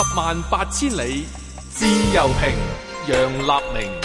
十萬八千里，自由評，楊立明。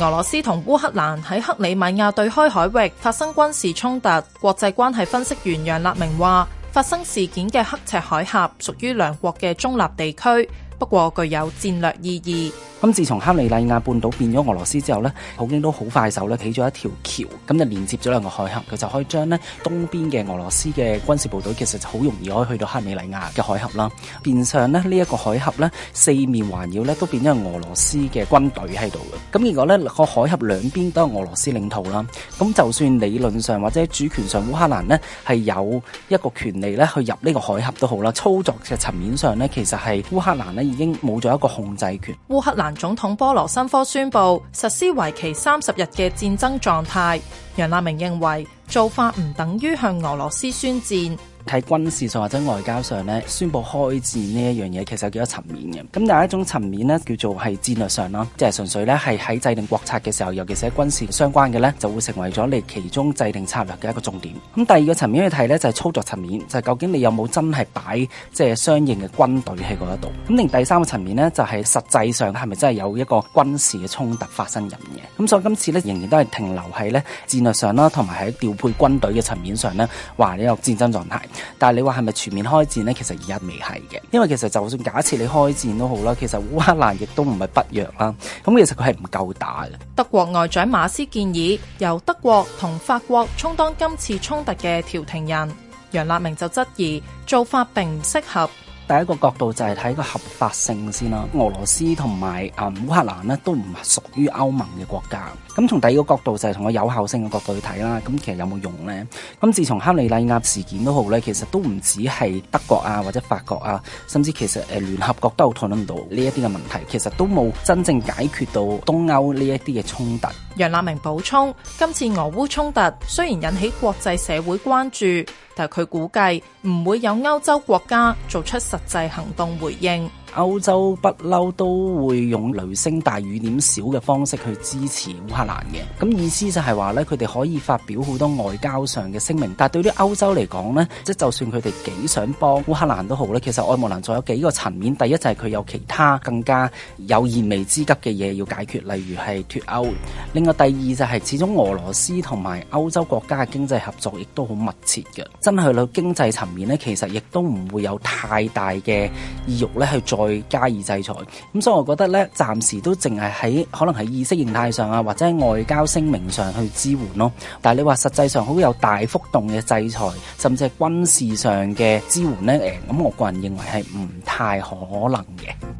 俄羅斯同烏克蘭喺克里米亞對開海，海域發生軍事衝突，國際關係分析員楊立明話，發生事件嘅刻赤海峽屬於兩國嘅中立地區，不過具有戰略意義。咁自從克里米亞半島變咗俄羅斯之後呢，普京都好快手咧起咗一條橋，咁就連接咗兩個海峽，佢就可以將呢東邊嘅俄羅斯嘅軍事部隊，其實就好容易可以去到克里米，米亞嘅海峽啦。變相呢，呢一個海峽呢，四面環繞呢都變咗俄羅斯嘅軍隊喺度嘅。咁如果呢個海峽兩邊都係俄羅斯領土啦，咁就算理論上或者主權上烏克蘭呢係有一個權利呢去入呢個海峽都好啦，操作嘅層面上呢，其實係烏克蘭已經冇咗一個控制權。烏克蘭總統波羅申科宣布實施為期三十日嘅戰爭狀態。楊立明認為，做法唔等於向俄羅斯宣戰。喺軍事上或者外交上咧，宣布開戰呢一樣嘢其實有幾多層面嘅？咁有一種層面咧叫做係戰略上啦，即係純粹咧係喺制定國策嘅時候，尤其是喺軍事相關嘅咧，就會成為咗你其中制定策略嘅一個重點。咁第二個層面去睇咧就係、是、操作層面，就係、是、究竟你有冇真係擺即係相應嘅軍隊喺嗰一度？咁定第三個層面咧就係、是、實際上係咪真係有一個軍事嘅衝突發生緊嘅？咁所以今次咧仍然都係停留喺咧戰略上啦，同埋喺調配軍隊嘅層面上咧話呢有戰爭狀態。但係你話係咪全面開戰呢？其實而家未係嘅，因為其實就算假設你開戰都好啦，其實烏克蘭亦都唔係不弱啦，咁其實佢係唔夠打嘅。德國外長馬斯建議由德國同法國充當今次衝突嘅調停人，楊立明就質疑做法並唔適合。第一個角度就係睇個合法性先啦，俄羅斯，同埋，啊烏克蘭咧都唔屬於歐盟嘅國家。咁從第二個角度就係從個有效性嘅角度去睇啦。咁其實有冇用呢？咁自從克里米亞事件都好咧，其實都唔止係德國啊或者法國啊，甚至其實誒聯合國都討論到呢一啲嘅問題，其實都冇真正解決到東歐呢一啲嘅衝突。楊立明補充：今次俄烏衝突雖然引起國際社會關注，但係佢估計唔會有歐洲國家做出實實際行動回應。歐洲不嬲都會用雷聲大雨點小嘅方式去支持烏克蘭嘅，咁意思就係話呢，佢哋可以發表好多外交上嘅聲明，但對於歐洲嚟講呢，即就算佢哋幾想幫烏克蘭都好呢，其實愛莫能助。仲有幾個層面，第一就係佢有其他更加有燃眉之急嘅嘢要解決，例如係脱歐。另外第二就係始終俄羅斯同埋歐洲國家嘅經濟合作亦都好密切嘅，真係去到經濟層面呢，其實亦都唔會有太大嘅意欲咧去去加以制裁，咁所以我覺得咧，暫時都淨係喺可能係意識形態上啊，或者係外交聲明上去支援咯。但係你話實際上好有大幅度嘅制裁，甚至係軍事上嘅支援咧，誒，咁，我個人認為係唔太可能嘅。